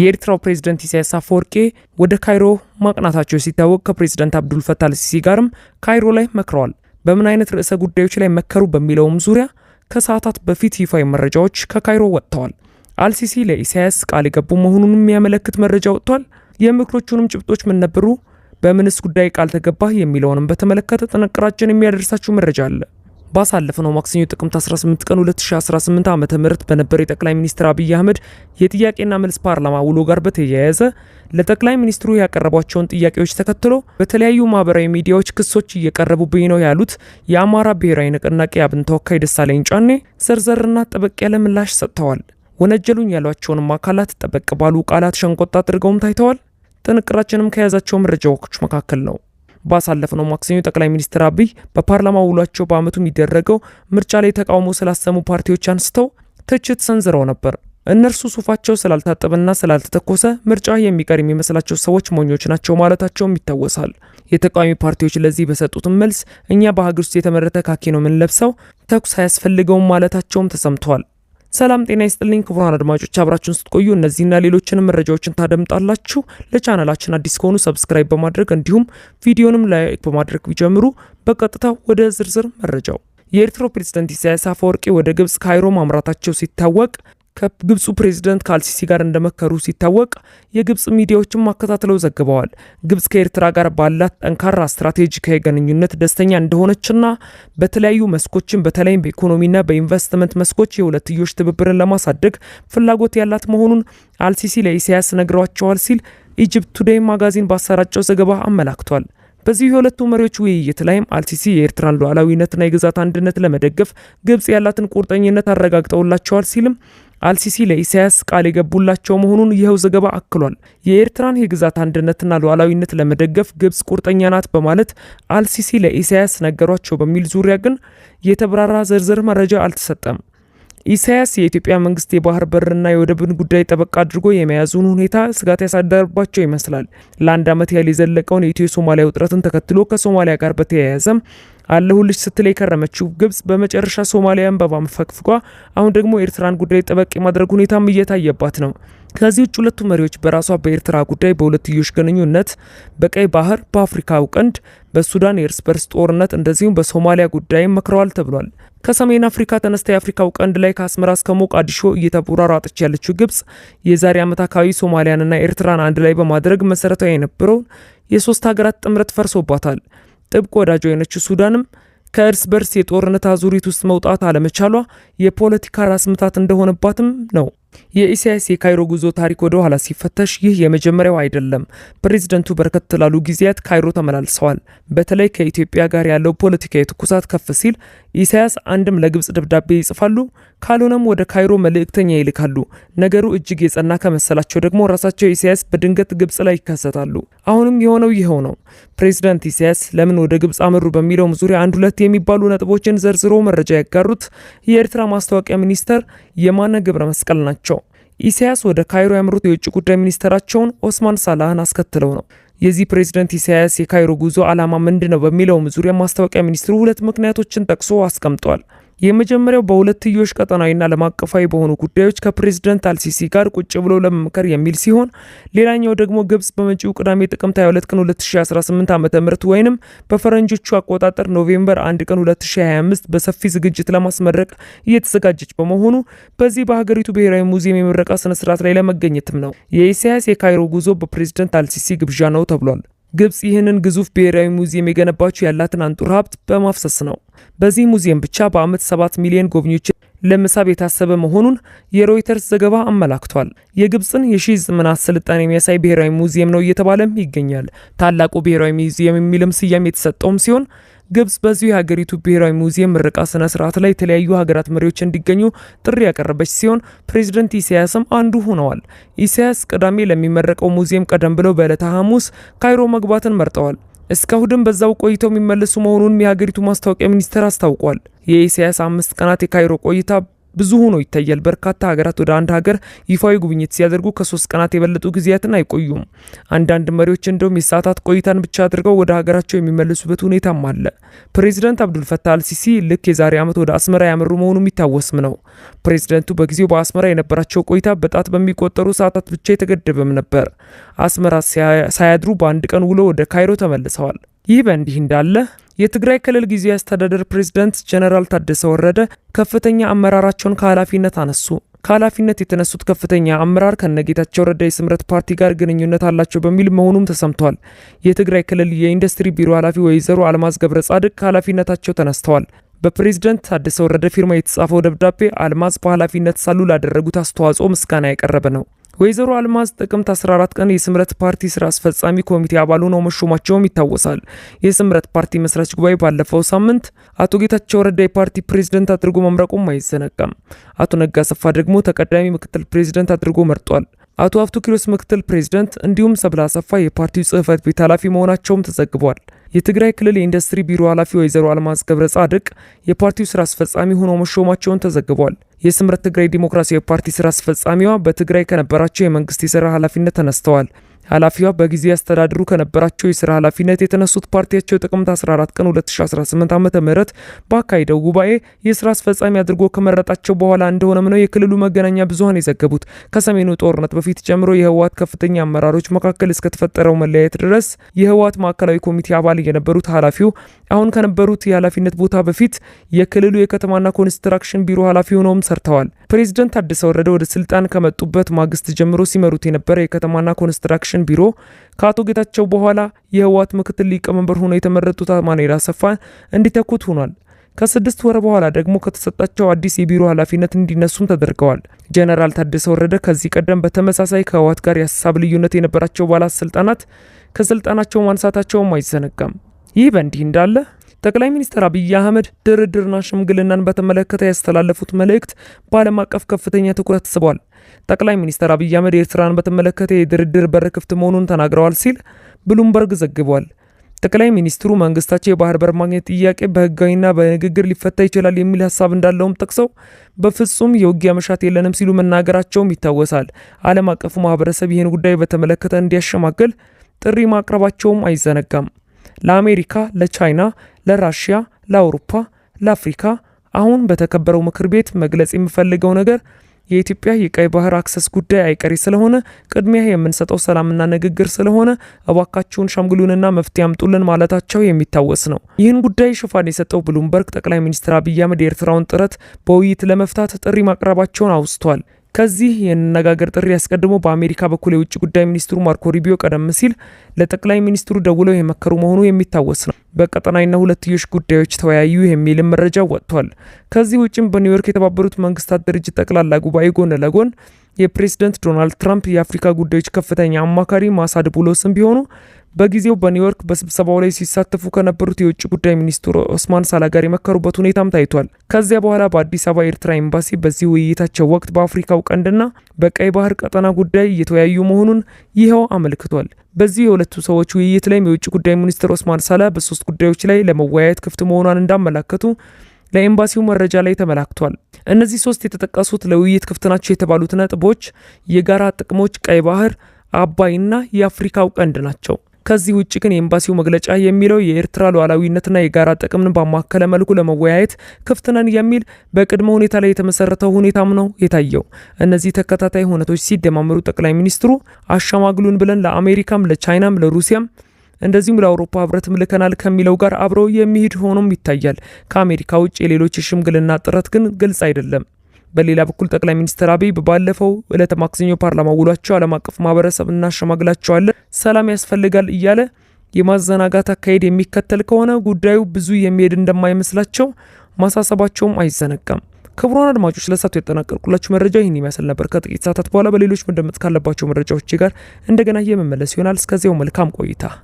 የኤርትራው ፕሬዝደንት ኢሳያስ አፈወርቄ ወደ ካይሮ ማቅናታቸው ሲታወቅ ከፕሬዝደንት አብዱልፈታ አልሲሲ ጋርም ካይሮ ላይ መክረዋል። በምን አይነት ርዕሰ ጉዳዮች ላይ መከሩ በሚለውም ዙሪያ ከሰዓታት በፊት ይፋዊ መረጃዎች ከካይሮ ወጥተዋል። አልሲሲ ለኢሳያስ ቃል የገቡ መሆኑን የሚያመለክት መረጃ ወጥቷል። የምክሮቹንም ጭብጦች ምን ነበሩ፣ በምንስ ጉዳይ ቃል ተገባህ የሚለውንም በተመለከተ ጥንቅራችን የሚያደርሳችሁ መረጃ አለ። ባሳለፍነው ማክሰኞ ጥቅምት 18 ቀን 2018 ዓ ም በነበረ የጠቅላይ ሚኒስትር አብይ አህመድ የጥያቄና መልስ ፓርላማ ውሎ ጋር በተያያዘ ለጠቅላይ ሚኒስትሩ ያቀረቧቸውን ጥያቄዎች ተከትሎ በተለያዩ ማህበራዊ ሚዲያዎች ክሶች እየቀረቡብኝ ነው ያሉት የአማራ ብሔራዊ ንቅናቄ አብን ተወካይ ደሳለኝ ጫኔ ዘርዘርና ጠበቅ ያለ ምላሽ ሰጥተዋል። ወነጀሉኝ ያሏቸውንም አካላት ጠበቅ ባሉ ቃላት ሸንቆጣ አድርገውም ታይተዋል። ጥንቅራችንም ከያዛቸው መረጃዎች መካከል ነው። ባሳለፍነው ማክሰኞ ጠቅላይ ሚኒስትር አብይ በፓርላማ ውሏቸው በአመቱ የሚደረገው ምርጫ ላይ ተቃውሞ ስላሰሙ ፓርቲዎች አንስተው ትችት ሰንዝረው ነበር። እነርሱ ሱፋቸው ስላልታጠበና ስላልተተኮሰ ምርጫ የሚቀር የሚመስላቸው ሰዎች ሞኞች ናቸው ማለታቸውም ይታወሳል። የተቃዋሚ ፓርቲዎች ለዚህ በሰጡትም መልስ እኛ በሀገር ውስጥ የተመረተ ካኪ ነው የምንለብሰው፣ ተኩስ አያስፈልገውም ማለታቸውም ተሰምተዋል። ሰላም ጤና ይስጥልኝ ክቡራን አድማጮች፣ አብራችሁን ስትቆዩ እነዚህና ሌሎችንም መረጃዎችን ታደምጣላችሁ። ለቻናላችን አዲስ ከሆኑ ሰብስክራይብ በማድረግ እንዲሁም ቪዲዮንም ላይክ በማድረግ ቢጀምሩ። በቀጥታ ወደ ዝርዝር መረጃው የኤርትራው ፕሬዝደንት ኢሳያስ አፈወርቂ ወደ ግብጽ ካይሮ ማምራታቸው ሲታወቅ ከግብፁ ፕሬዚደንት ከአልሲሲ ጋር እንደመከሩ ሲታወቅ የግብፅ ሚዲያዎችን ማከታተለው ዘግበዋል። ግብፅ ከኤርትራ ጋር ባላት ጠንካራ ስትራቴጂካዊ ግንኙነት ደስተኛ እንደሆነችና በተለያዩ መስኮችን በተለይም በኢኮኖሚና በኢንቨስትመንት መስኮች የሁለትዮሽ ትብብርን ለማሳደግ ፍላጎት ያላት መሆኑን አልሲሲ ለኢሳያስ ነግረዋቸዋል ሲል ኢጅፕት ቱዴይ ማጋዚን ባሰራጨው ዘገባ አመላክቷል። በዚህ የሁለቱ መሪዎች ውይይት ላይም አልሲሲ የኤርትራን ሉዓላዊነትና የግዛት አንድነት ለመደገፍ ግብፅ ያላትን ቁርጠኝነት አረጋግጠውላቸዋል ሲልም አልሲሲ ለኢሳያስ ቃል የገቡላቸው መሆኑን ይኸው ዘገባ አክሏል። የኤርትራን የግዛት አንድነትና ሉዓላዊነት ለመደገፍ ግብጽ ቁርጠኛ ናት በማለት አልሲሲ ለኢሳያስ ነገሯቸው በሚል ዙሪያ ግን የተብራራ ዝርዝር መረጃ አልተሰጠም። ኢሳያስ የኢትዮጵያ መንግስት የባህር በርና የወደብን ጉዳይ ጠበቃ አድርጎ የመያዙን ሁኔታ ስጋት ያሳደረባቸው ይመስላል። ለአንድ ዓመት ያህል የዘለቀውን የኢትዮ ሶማሊያ ውጥረትን ተከትሎ ከሶማሊያ ጋር በተያያዘም አለሁልሽ ስትል የከረመችው ግብጽ በመጨረሻ ሶማሊያን በባ አሁን ደግሞ ኤርትራን ጉዳይ ጠበቅ የማድረግ ሁኔታም እየታየባት ነው። ከዚህ ውጭ ሁለቱ መሪዎች በራሷ በኤርትራ ጉዳይ፣ በሁለትዮሽ ግንኙነት፣ በቀይ ባህር፣ በአፍሪካው ቀንድ፣ በሱዳን የእርስ በርስ ጦርነት እንደዚሁም በሶማሊያ ጉዳይም መክረዋል ተብሏል። ከሰሜን አፍሪካ ተነስታ የአፍሪካው ቀንድ ላይ ከአስመራ እስከ ሞቃዲሾ እየተቦራራጠች ያለችው ግብጽ የዛሬ ዓመት አካባቢ ሶማሊያንና ኤርትራን አንድ ላይ በማድረግ መሰረታዊ የነበረውን የሶስት ሀገራት ጥምረት ፈርሶባታል። ጥብቅ ወዳጅ የሆነችው ሱዳንም ከእርስ በርስ የጦርነት አዙሪት ውስጥ መውጣት አለመቻሏ የፖለቲካ ራስ ምታት እንደሆነባትም ነው የኢሳያስ የካይሮ ጉዞ ታሪክ ወደ ኋላ ሲፈተሽ ይህ የመጀመሪያው አይደለም። ፕሬዝደንቱ በርከት ላሉ ጊዜያት ካይሮ ተመላልሰዋል። በተለይ ከኢትዮጵያ ጋር ያለው ፖለቲካዊ ትኩሳት ከፍ ሲል ኢሳያስ አንድም ለግብፅ ደብዳቤ ይጽፋሉ፣ ካልሆነም ወደ ካይሮ መልእክተኛ ይልካሉ። ነገሩ እጅግ የጸና ከመሰላቸው ደግሞ ራሳቸው ኢሳያስ በድንገት ግብፅ ላይ ይከሰታሉ። አሁንም የሆነው ይኸው ነው። ፕሬዝዳንት ኢሳያስ ለምን ወደ ግብፅ አመሩ በሚለውም ዙሪያ አንድ ሁለት የሚባሉ ነጥቦችን ዘርዝሮ መረጃ ያጋሩት የኤርትራ ማስታወቂያ ሚኒስተር የማነ ገብረ መስቀል ናቸው። ናቸው። ኢሳያስ ወደ ካይሮ ያምሩት የውጭ ጉዳይ ሚኒስትራቸውን ኦስማን ሳላህን አስከትለው ነው። የዚህ ፕሬዝደንት ኢሳያስ የካይሮ ጉዞ ዓላማ ምንድን ነው በሚለውም ዙሪያ ማስታወቂያ ሚኒስትሩ ሁለት ምክንያቶችን ጠቅሶ አስቀምጧል። የመጀመሪያው በሁለትዮሽ ቀጠናዊና ዓለም አቀፋዊ በሆኑ ጉዳዮች ከፕሬዝደንት አልሲሲ ጋር ቁጭ ብሎ ለመምከር የሚል ሲሆን ሌላኛው ደግሞ ግብጽ በመጪው ቅዳሜ ጥቅምት 22 ቀን 2018 ዓ ም ወይንም በፈረንጆቹ አቆጣጠር ኖቬምበር 1 ቀን 2025 በሰፊ ዝግጅት ለማስመረቅ እየተዘጋጀች በመሆኑ በዚህ በሀገሪቱ ብሔራዊ ሙዚየም የምረቃ ስነስርዓት ላይ ለመገኘትም ነው። የኢሳያስ የካይሮ ጉዞ በፕሬዝደንት አልሲሲ ግብዣ ነው ተብሏል። ግብጽ ይህንን ግዙፍ ብሔራዊ ሙዚየም የገነባችው ያላትን አንጡር ሀብት በማፍሰስ ነው። በዚህ ሙዚየም ብቻ በዓመት 7 ሚሊዮን ጎብኚዎች ለመሳብ የታሰበ መሆኑን የሮይተርስ ዘገባ አመላክቷል። የግብጽን የሺህ ዘመናት ስልጣኔ የሚያሳይ ብሔራዊ ሙዚየም ነው እየተባለም ይገኛል። ታላቁ ብሔራዊ ሙዚየም የሚልም ስያሜ የተሰጠውም ሲሆን ግብጽ በዚሁ የሀገሪቱ ብሔራዊ ሙዚየም ምረቃ ስነ ስርዓት ላይ የተለያዩ ሀገራት መሪዎች እንዲገኙ ጥሪ ያቀረበች ሲሆን ፕሬዚደንት ኢሳያስም አንዱ ሆነዋል። ኢሳያስ ቅዳሜ ለሚመረቀው ሙዚየም ቀደም ብለው በዕለተ ሐሙስ ካይሮ መግባትን መርጠዋል። እስከ እሁድም በዛው ቆይተው የሚመለሱ መሆኑንም የሀገሪቱ ማስታወቂያ ሚኒስቴር አስታውቋል። የኢሳያስ አምስት ቀናት የካይሮ ቆይታ ብዙ ሆኖ ይታያል። በርካታ ሀገራት ወደ አንድ ሀገር ይፋዊ ጉብኝት ሲያደርጉ ከሶስት ቀናት የበለጡ ጊዜያትን አይቆዩም። አንዳንድ መሪዎች እንደውም የሰዓታት ቆይታን ብቻ አድርገው ወደ ሀገራቸው የሚመለሱበት ሁኔታም አለ። ፕሬዚደንት አብዱልፈታ አልሲሲ ልክ የዛሬ ዓመት ወደ አስመራ ያመሩ መሆኑ የሚታወስም ነው። ፕሬዚደንቱ በጊዜው በአስመራ የነበራቸው ቆይታ በጣት በሚቆጠሩ ሰዓታት ብቻ የተገደበም ነበር። አስመራ ሳያድሩ በአንድ ቀን ውሎ ወደ ካይሮ ተመልሰዋል። ይህ በእንዲህ እንዳለ የትግራይ ክልል ጊዜያዊ አስተዳደር ፕሬዝዳንት ጀነራል ታደሰ ወረደ ከፍተኛ አመራራቸውን ከኃላፊነት አነሱ። ከኃላፊነት የተነሱት ከፍተኛ አመራር ከነጌታቸው ረዳ የስምረት ፓርቲ ጋር ግንኙነት አላቸው በሚል መሆኑም ተሰምቷል። የትግራይ ክልል የኢንዱስትሪ ቢሮ ኃላፊ ወይዘሮ አልማዝ ገብረ ጻድቅ ከኃላፊነታቸው ተነስተዋል። በፕሬዝዳንት ታደሰ ወረደ ፊርማ የተጻፈው ደብዳቤ አልማዝ በኃላፊነት ሳሉ ላደረጉት አስተዋጽኦ ምስጋና ያቀረበ ነው። ወይዘሮ አልማዝ ጥቅምት 14 ቀን የስምረት ፓርቲ ስራ አስፈጻሚ ኮሚቴ አባል ሆነው መሾማቸውም ይታወሳል። የስምረት ፓርቲ መስራች ጉባኤ ባለፈው ሳምንት አቶ ጌታቸው ረዳ የፓርቲ ፕሬዝደንት አድርጎ መምረቁም አይዘነጋም። አቶ ነጋ ሰፋ ደግሞ ተቀዳሚ ምክትል ፕሬዝደንት አድርጎ መርጧል። አቶ ሀፍቱ ኪሮስ ምክትል ፕሬዝደንት እንዲሁም ሰብለ አሰፋ የፓርቲው ጽህፈት ቤት ኃላፊ መሆናቸውም ተዘግቧል። የትግራይ ክልል የኢንዱስትሪ ቢሮ ኃላፊ ወይዘሮ አልማዝ ገብረ ጻድቅ የፓርቲው ስራ አስፈጻሚ ሆኖ መሾማቸውን ተዘግቧል። የስምረት ትግራይ ዲሞክራሲያዊ ፓርቲ ስራ አስፈጻሚዋ በትግራይ ከነበራቸው የመንግስት የስራ ኃላፊነት ተነስተዋል። ኃላፊዋ በጊዜ አስተዳድሩ ከነበራቸው የስራ ኃላፊነት የተነሱት ፓርቲያቸው ጥቅምት 14 ቀን 2018 ዓ ም በአካሄደው ጉባኤ የስራ አስፈጻሚ አድርጎ ከመረጣቸው በኋላ እንደሆነም ነው የክልሉ መገናኛ ብዙሀን የዘገቡት። ከሰሜኑ ጦርነት በፊት ጀምሮ የህወሀት ከፍተኛ አመራሮች መካከል እስከተፈጠረው መለያየት ድረስ የህወሀት ማዕከላዊ ኮሚቴ አባል የነበሩት ኃላፊው አሁን ከነበሩት የኃላፊነት ቦታ በፊት የክልሉ የከተማና ኮንስትራክሽን ቢሮ ኃላፊ ሆነውም ሰርተዋል። ፕሬዚደንት ታደሰ ወረደ ወደ ስልጣን ከመጡበት ማግስት ጀምሮ ሲመሩት የነበረ የከተማና ኮንስትራክሽን ቢሮ ከአቶ ጌታቸው በኋላ የህወሓት ምክትል ሊቀመንበር ሆነው የተመረጡት አማኑኤል አሰፋ እንዲተኩት ሆኗል። ከስድስት ወር በኋላ ደግሞ ከተሰጣቸው አዲስ የቢሮ ኃላፊነት እንዲነሱም ተደርገዋል። ጀነራል ታደሰ ወረደ ከዚህ ቀደም በተመሳሳይ ከህወሓት ጋር የሀሳብ ልዩነት የነበራቸው ባለስልጣናት ከስልጣናቸው ማንሳታቸውም አይዘነጋም። ይህ በእንዲህ እንዳለ ጠቅላይ ሚኒስትር አብይ አህመድ ድርድርና ሽምግልናን በተመለከተ ያስተላለፉት መልእክት በዓለም አቀፍ ከፍተኛ ትኩረት ስቧል። ጠቅላይ ሚኒስትር አብይ አህመድ ኤርትራን በተመለከተ የድርድር በር ክፍት መሆኑን ተናግረዋል ሲል ብሉምበርግ ዘግቧል። ጠቅላይ ሚኒስትሩ መንግስታቸው የባህር በር ማግኘት ጥያቄ በህጋዊና በንግግር ሊፈታ ይችላል የሚል ሀሳብ እንዳለውም ጠቅሰው በፍጹም የውጊያ መሻት የለንም ሲሉ መናገራቸውም ይታወሳል። ዓለም አቀፉ ማህበረሰብ ይህን ጉዳይ በተመለከተ እንዲያሸማግል ጥሪ ማቅረባቸውም አይዘነጋም። ለአሜሪካ፣ ለቻይና፣ ለራሽያ፣ ለአውሮፓ፣ ለአፍሪካ አሁን በተከበረው ምክር ቤት መግለጽ የምፈልገው ነገር የኢትዮጵያ የቀይ ባህር አክሰስ ጉዳይ አይቀሬ ስለሆነ ቅድሚያ የምንሰጠው ሰላምና ንግግር ስለሆነ እባካችሁን ሸምግሉንና መፍትሄ አምጡልን ማለታቸው የሚታወስ ነው። ይህን ጉዳይ ሽፋን የሰጠው ብሉምበርግ ጠቅላይ ሚኒስትር አብይ አህመድ የኤርትራውን ጥረት በውይይት ለመፍታት ጥሪ ማቅረባቸውን አውስቷል። ከዚህ የነጋገር ጥሪ አስቀድሞ በአሜሪካ በኩል የውጭ ጉዳይ ሚኒስትሩ ማርኮ ሪቢዮ ቀደም ሲል ለጠቅላይ ሚኒስትሩ ደውለው የመከሩ መሆኑ የሚታወስ ነው። በቀጠናዊና ሁለትዮሽ ጉዳዮች ተወያዩ የሚልም መረጃ ወጥቷል። ከዚህ ውጭም በኒውዮርክ የተባበሩት መንግስታት ድርጅት ጠቅላላ ጉባኤ ጎን ለጎን የፕሬዝደንት ዶናልድ ትራምፕ የአፍሪካ ጉዳዮች ከፍተኛ አማካሪ ማሳድ ቡሎስም ቢሆኑ በጊዜው በኒውዮርክ በስብሰባው ላይ ሲሳተፉ ከነበሩት የውጭ ጉዳይ ሚኒስትሩ ኦስማን ሳላ ጋር የመከሩበት ሁኔታም ታይቷል። ከዚያ በኋላ በአዲስ አበባ ኤርትራ ኤምባሲ በዚህ ውይይታቸው ወቅት በአፍሪካው ቀንድና በቀይ ባህር ቀጠና ጉዳይ እየተወያዩ መሆኑን ይኸው አመልክቷል። በዚህ የሁለቱ ሰዎች ውይይት ላይም የውጭ ጉዳይ ሚኒስትር ኦስማን ሳላ በሶስት ጉዳዮች ላይ ለመወያየት ክፍት መሆኗን እንዳመላከቱ ለኤምባሲው መረጃ ላይ ተመላክቷል። እነዚህ ሶስት የተጠቀሱት ለውይይት ክፍት ናቸው የተባሉት ነጥቦች የጋራ ጥቅሞች፣ ቀይ ባህር፣ አባይና የአፍሪካው ቀንድ ናቸው። ከዚህ ውጭ ግን የኤምባሲው መግለጫ የሚለው የኤርትራ ሉዓላዊነትና የጋራ ጥቅምን ባማከለ መልኩ ለመወያየት ክፍት ነን የሚል በቅድመ ሁኔታ ላይ የተመሰረተው ሁኔታም ነው የታየው። እነዚህ ተከታታይ ሁነቶች ሲደማመሩ ጠቅላይ ሚኒስትሩ አሸማግሉን ብለን ለአሜሪካም ለቻይናም ለሩሲያም እንደዚሁም ለአውሮፓ ህብረትም ልከናል ከሚለው ጋር አብሮ የሚሄድ ሆኖም ይታያል። ከአሜሪካ ውጭ የሌሎች የሽምግልና ጥረት ግን ግልጽ አይደለም። በሌላ በኩል ጠቅላይ ሚኒስትር አብይ ባለፈው ዕለተ ማክሰኞ ፓርላማ ውሏቸው ዓለም አቀፍ ማህበረሰብ እናሸማግላቸዋለን፣ ሰላም ያስፈልጋል እያለ የማዘናጋት አካሄድ የሚከተል ከሆነ ጉዳዩ ብዙ የሚሄድ እንደማይመስላቸው ማሳሰባቸውም አይዘነጋም። ክቡራን አድማጮች ለሳቱ ያጠናቀርኩላችሁ መረጃ ይህን የሚያስል ነበር። ከጥቂት ሰዓታት በኋላ በሌሎች መደመጥ ካለባቸው መረጃዎች ጋር እንደገና የመመለስ ይሆናል። እስከዚያው መልካም ቆይታ